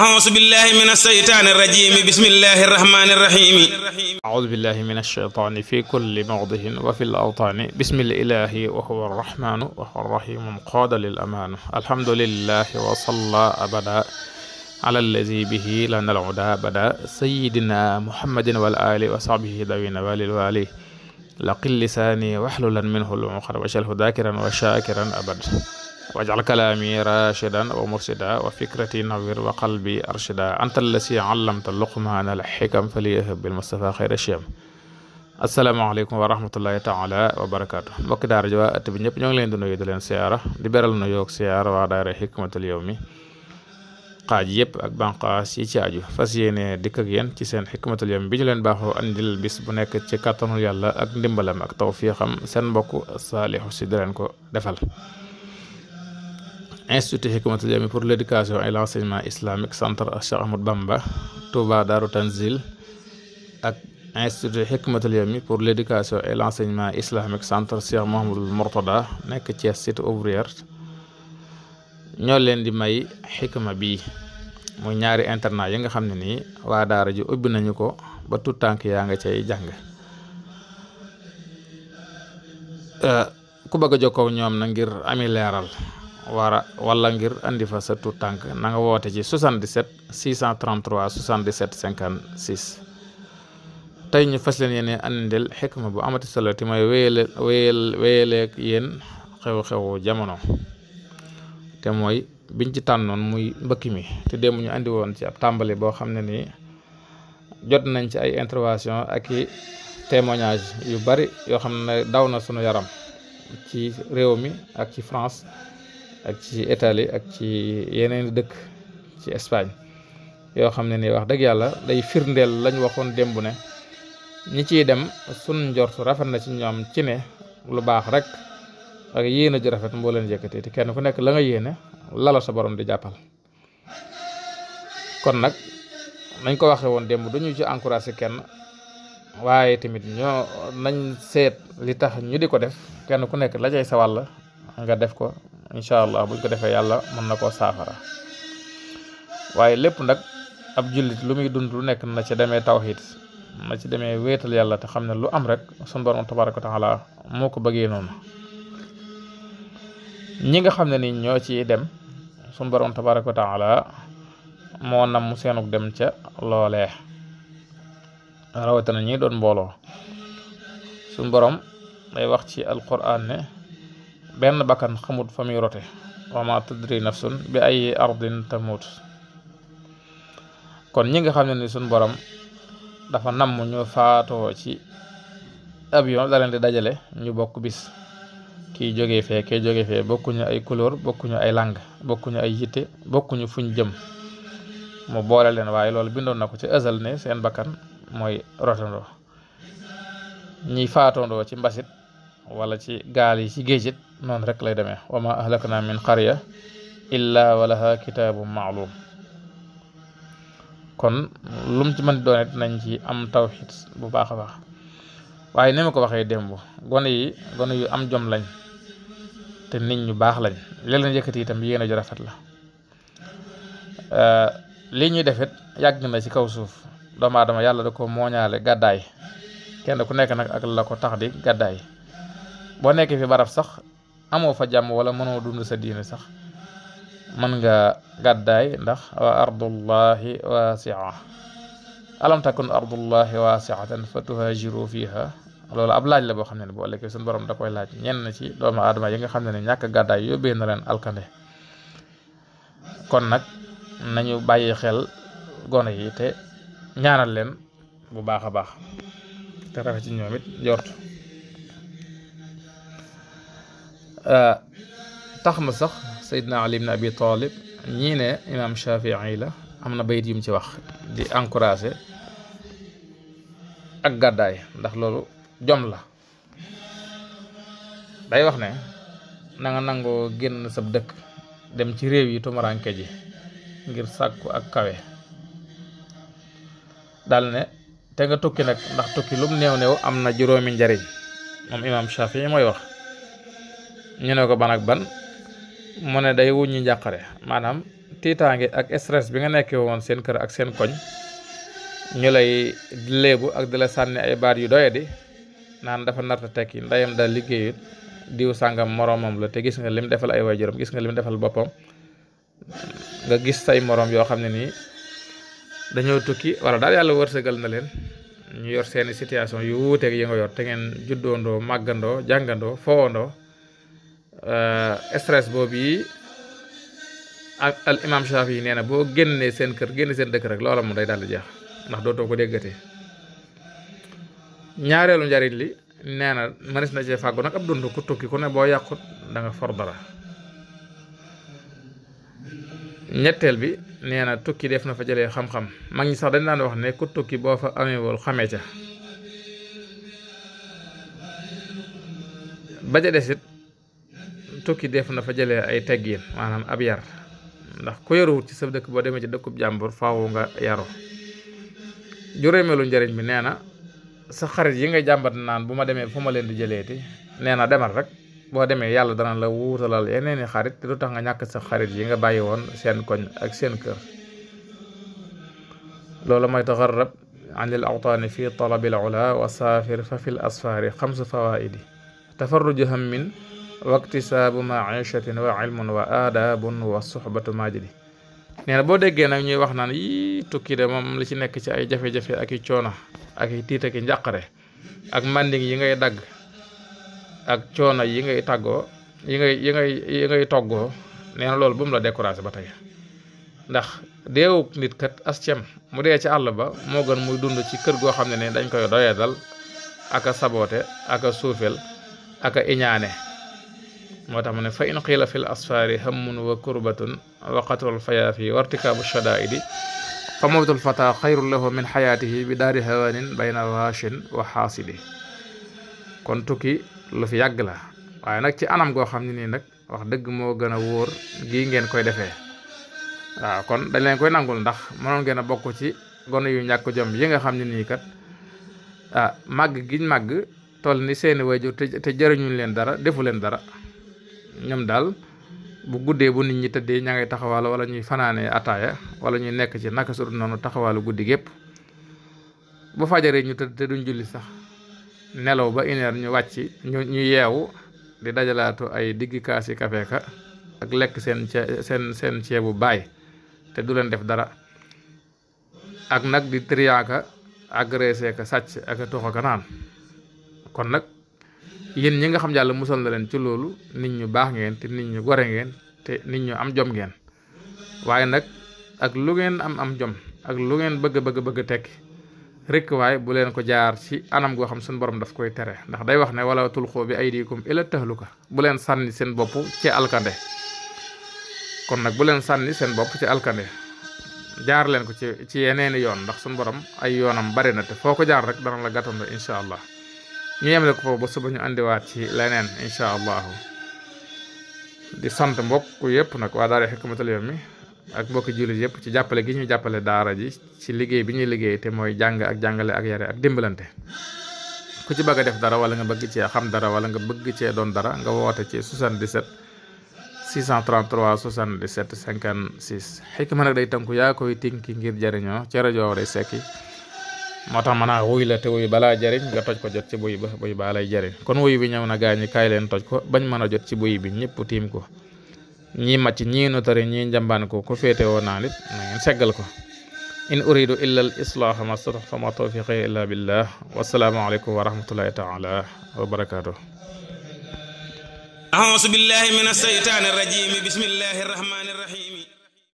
أعوذ بالله من الشيطان الرجيم بسم الله الرحمن الرحيم أعوذ بالله من الشيطان في كل موضع وفي الأوطان بسم الإله وهو الرحمن وهو الرحيم قاد للأمان الحمد لله وصلى أبدا على الذي به لنا العدا بدا سيدنا محمد والآل وصحبه ذوي نوال الوالي لقل لساني واحللا منه المخر وشله ذاكرا وشاكرا أبدا wajal kalaami rashidan wa mursida wa fikrati nawir wa qalbi arshida anta allasi allamta luqmaana al xikam faliyah bil mustafa xayra shiyam asalaamaaleykum wa rahmatullahi taala wa barakaatu mbokki daara waa at bi ñëpp ñoo ngi leen di nuyu di leen siyaara di beral nu yoog siyaara waa daara xikmatul yawmi xaaj yëpp ak banqaas yi ci aju fas yéene dikk ak ci seen xikmatul yawmi bi ñu leen baaxoo andil bis bu nekk ci kàttanul yàlla ak ndimbalam ak tawfiixam seen mbokk saalihu si ko defal institut Hikmatul Yawmi pour l'éducation et l'enseignement islamique centre Cheikh Ahmad Bamba Touba Daaru Tanzil ak institut Hikmatul Yawmi pour l'éducation et l'enseignement centre Cheikh Mouhamadul Mourtada nekk Thiès cité ouvrière ñoo leen di may xikma bi muy ñaari internat yi nga xam ne nii waa daara ji ubbi nañu ko ba tout tànk yaa nga cay jàng euh, ku bëgg a jokkoo ñoom na ngir ami leeral wara wala ngir indi fa sa tuut tànk nanga woote ci 77 633 77 56 tey ñu fas leen yéene andil xikma bu amati solo te mooy wéyale wéyal wéyaleeg yéen xew-xewu jamono te mooy biñ ci tànnoon muy mbëkk mi te démb ñu andi woon ci ab tàmbali boo xam ne nii jot nañ ci ay intervention ak i témoignage yu bari yoo xam ne daw na sunu yaram ci réew mi ak ci France ak ci Italie ak ci yeneen dëkk ci Espagne yoo xam ne ni wax dëgg yàlla day firndeel lañ waxoon démb ne ñi ciy dem sun su rafet na ci ñoom ci ne lu baax rek ak yéene ju rafet mbooleen leen yëkkati kenn ku nekk la nga yéene lala sa borom di jàppal kon nag nañ ko waxee woon démb duñu ci encouragé kenn waaye tamit ñoo nañ seet li tax ñu di ko def kenn ku nekk la cay sa wàll nga def ko incha allah buñ ko defee yàlla mën na koo saafara waaye lépp nag ab jullit lu muy dund lu nekk na ci demee tawxiid na ci demee wéetal yàlla te xam ne lu am rek sunu borom tabaraka taala moo ko bëggee noonu ñi nga xam ne ni ñoo ci dem sunu borom tabaraka taala moo nam seenuk dem ca loole rawatina ñi doon mbooloo sunu borom day wax ci alquran ne benn bakkan xamut fa muy rote wa ma tadri nafsun bi ay ardin tamut kon ñi nga xam ne ni suñ borom dafa namm ñu faatoo ci avion daleen di dajale ñu bokk bis kiy jóge fee kiy jógee fee bokkuñu ay couleur bokkuñu ay langue bokkuñu ay yitte bokkuñu fuñ jëm mu boole leen waaye loolu bindoon na ko ci ësal ne seen bakkan mooy rotandoo ñiy faatondoo ci mbasit walla ci gaal yi ci géej noonu rek lay demee wa ma ahlakna min qarya illa wa laha kitaabun maalum kon lu ci mën doon it nañ ci am tawxiid bu baax a baax waaye ni ma ko waxee démb gone yi gone yu am jom lañ te nit ñu baax lañ léeg na yëkkati yéen a ju rafet la lii ñuy defit yàgg na ci kaw suuf doomu aadama yàlla da ko mooñaale gàddaay kenn ku nekk nag ak la ko tax di gàddaay boo nekkee fi barab sax amoo fa jàmm wala mënoo dund sa diine sax mën nga gàddaay ndax wa ardullahi wasia alam takun ardullahi wasiatan fa tuhajiru fiha loolu ab laaj la boo xam ne ne boo lekkee suñu borom da koy laaj na ci doomu aadama yi nga xam ne ne ñàkk gàddaay yóbbee na leen alkande kon nag nañu bàyyi xel gone yi te ñaanal leen bu baax a baax te rafet ci ñoom it jort Euh, tax ma sax Seydina Ali ibn Abi ñii ne imaam Shafii la am na bayit yum ci wax di encouragé ak gàddaay ndax loolu jom la day wax ne na nga nangoo génn sab dëkk dem ci réew yi tumuranke ji ngir sàkku ak kawe dal ne te nga tukki nag ndax tukki lu néew new am na juróomi njariñ moom imaam Shafii mooy wax ñu ne ko ban ak ban mu ne day wuññi njàqare maanaam tiitaange ak stress bi nga nekkee woon seen kër ak seen koñ ñu lay léebu ak di la sànni ay baat yu doyadi naan dafa narta tekki ndeyam daal liggéeyut diw sàngam moroomam la te gis nga lim defal ay waajuram gis nga lim defal boppam nga gis say moroom yoo xam ne nii dañoo tukki wala daal yàlla wërsëgal na leen ñu yor seeni situation yu wuuteeg yi nga yor te ngeen juddoondoo màggandoo jàngandoo foowandoo Euh, stress boobu yi ak al imam Shafi yi nee na boo génnee seen kër génne seen dëkk rek loola moom day daal di jeex ndax doo dootoo ko déggatee ñaareelu njariñ li nee na mënees na cee fàggu nag ab dund ku tukki ku ne boo yàqut da nga for dara ñetteel bi nee na tukki def na fa jëlee xam-xam mag ñi sax dañ daan wax ne ku tukki boo fa ameewul xamee ca ba tukki def na fa jëlee ay teggin maanaam ab yar ndax ku yaruwut ci sa dëkk boo demee ci dëkkub jàmbur faaw nga yaru juróomeelu njëriñ bi nee na sa xarit yi nga jàmbat naan bu ma demee fu ma leen di jëleeti nee na demal rek boo demee yàlla dana la wuutalal yeneeni xarit te du tax nga ñàkk sa xarit yi nga bàyyi woon seen koñ ak seen kër loolu mooy taxarrab an il awtaani fi talabil ula wa saafir fa fil asfaari xamsu fawaidi tafarruju hammin waktisaabu maishatin wa ilmun wa aadaabun wa suxbatu majidi nee na boo déggee nag ñuy wax naan yii tukki de moom li ci nekk ci ay jafe-jafe ak i coono ak i tiit ki njàqare ak manding yi ngay dagg ak coono yi ngay tàggoo yi ngay yi ngay ngay toggoo nee na loolu bu mu la découragé ba tey ndax deewu nit kat as mu dee ci àll ba moo gën muy dund ci kër goo xam ne ne dañ koy doyadal ak a saboote ak a suufeel ak a iñaane moo tax mu ne fa in qiila fil asfaari hammun wa kurbatun waqatul fayaafi wartikaabu shadaa'idi fa mawtul fata xayrun lahu min xayaatihi bi daari hawaanin bayna raashin wa xaasidi kon tukki lu fi yàgg la waaye nag ci anam goo xam ne nii nag wax dëgg moo gën a wóor gii ngeen koy defee waaw kon dañ leen koy nangul ndax mënoon ngeen a bokk ci gone yu ñàkk jom yi nga xam ne nii kat ah màgg giñ màgg toll ni seeni waajur te jëriñuñ leen dara defu leen dara ñoom daal bu guddee bu nit ñi tëddee ña ngay taxawal wala ñuy fanaanee ataaya wala ñuy nekk ci naka su dul noonu taxawalu guddi gépp bu fajaree ñu tëdd te duñ julli sax nelaw ba une heure ñu wàcc ñu ñu yeewu di dajalaatu ay digg kaasi kafe ka ak lekk seen cee seen seen ceebu baay te du leen def dara ak nag di triyaaka agressé ka sàcc ak a toxo naan kon nag yéen ñi nga xam yàlla musal na leen ci loolu nit ñu baax ngeen te nit ñu gore ngeen te nit ñu am jom ngeen waaye nag ak lu ngeen am am jom ak lu ngeen bëgg bëgg bëgg tekki rekk waaye bu leen ko jaar ci anam goo xam suñu borom daf koy tere ndax day wax ne wala tulxoo bi ay aydikum ila tahluka bu leen sànni seen bopp ci alkande kon nag bu leen sànni seen bopp ci alkande jaar leen ko ci ci yeneeni yoon ndax suñu borom ay yoonam bari na te foo ko jaar rek dana la gàttandu incha allah ñu yemale ko foofu ba suba ñu àndiwaat ci leneen incha allahu di sant mbokk yëpp nag waa daara Hikmatul Yawmi ak mbokki jullit yëpp ci jàppale gi ñu jàppale daara ji ci liggéey bi ñuy liggéey te mooy jàng ak jàngale ak yare ak dimbalante ku ci bëgg a def dara wala nga bëgg cee xam dara wala nga bëgg cee doon dara nga woote ci 77 633 77 56 xikma nag day tënku yaa koy tinki ngir jëriñoo ci rajo day sekki moo tax mën a wuy la te wuy balaa jariñ nga toj ko jot ci buy ba buy baa lay jariñ kon wuy bi ñëw na gaañi kaay leen toj ko bañ mën a jot ci buy bi ñëpp tiim ko ñii màcc ñii nu tari ñii njambaan ko ku féete naa nit na ngeen seggal ko in uridu illa al islaaha ma stataxtu fa ma tawfiqi illa billah wasalaamu aleykum wa rahmatullahi taala wa barakaatu auzu